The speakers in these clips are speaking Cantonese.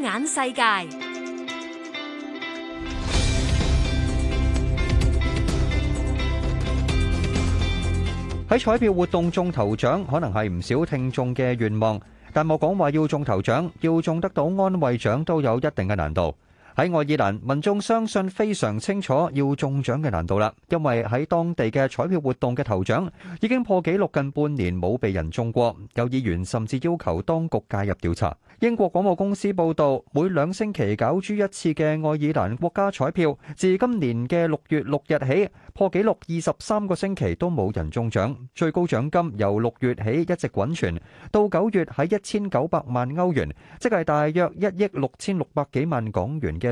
眼世界，喺彩票活動中頭獎可能係唔少聽眾嘅願望，但莫講話要中頭獎，要中得到安慰獎都有一定嘅難度。喺愛爾蘭，民眾相信非常清楚要中獎嘅難度啦，因為喺當地嘅彩票活動嘅頭獎已經破紀錄近半年冇被人中過。有議員甚至要求當局介入調查。英國廣播公司報道，每兩星期攪珠一次嘅愛爾蘭國家彩票，自今年嘅六月六日起破紀錄二十三個星期都冇人中獎，最高獎金由六月起一直滾存到九月，喺一千九百萬歐元，即係大約一億六千六百幾萬港元嘅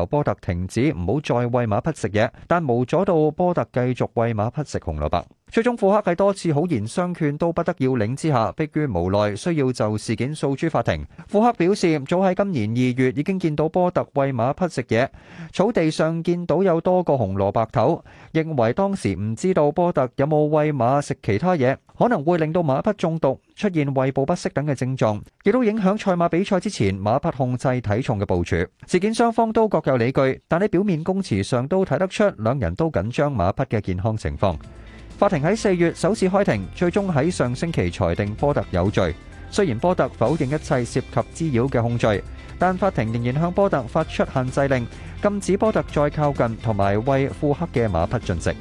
由波特停止唔好再餵馬匹食嘢，但無阻到波特繼續餵馬匹食紅蘿蔔。最終，庫克喺多次好言相勸都不得要領之下，迫於無奈，需要就事件訴諸法庭。庫克表示，早喺今年二月已經見到波特餵馬匹食嘢，草地上見到有多個紅蘿蔔頭，認為當時唔知道波特有冇餵馬食其他嘢，可能會令到馬匹中毒，出現胃部不適等嘅症狀，亦都影響賽馬比賽之前馬匹控制體重嘅部署。事件雙方都各有理據，但喺表面公詞上都睇得出，兩人都緊張馬匹嘅健康情況。法庭喺四月首次開庭，最終喺上星期裁定波特有罪。雖然波特否認一切涉及滋擾嘅控罪，但法庭仍然向波特發出限制令，禁止波特再靠近同埋為富克嘅馬匹進食。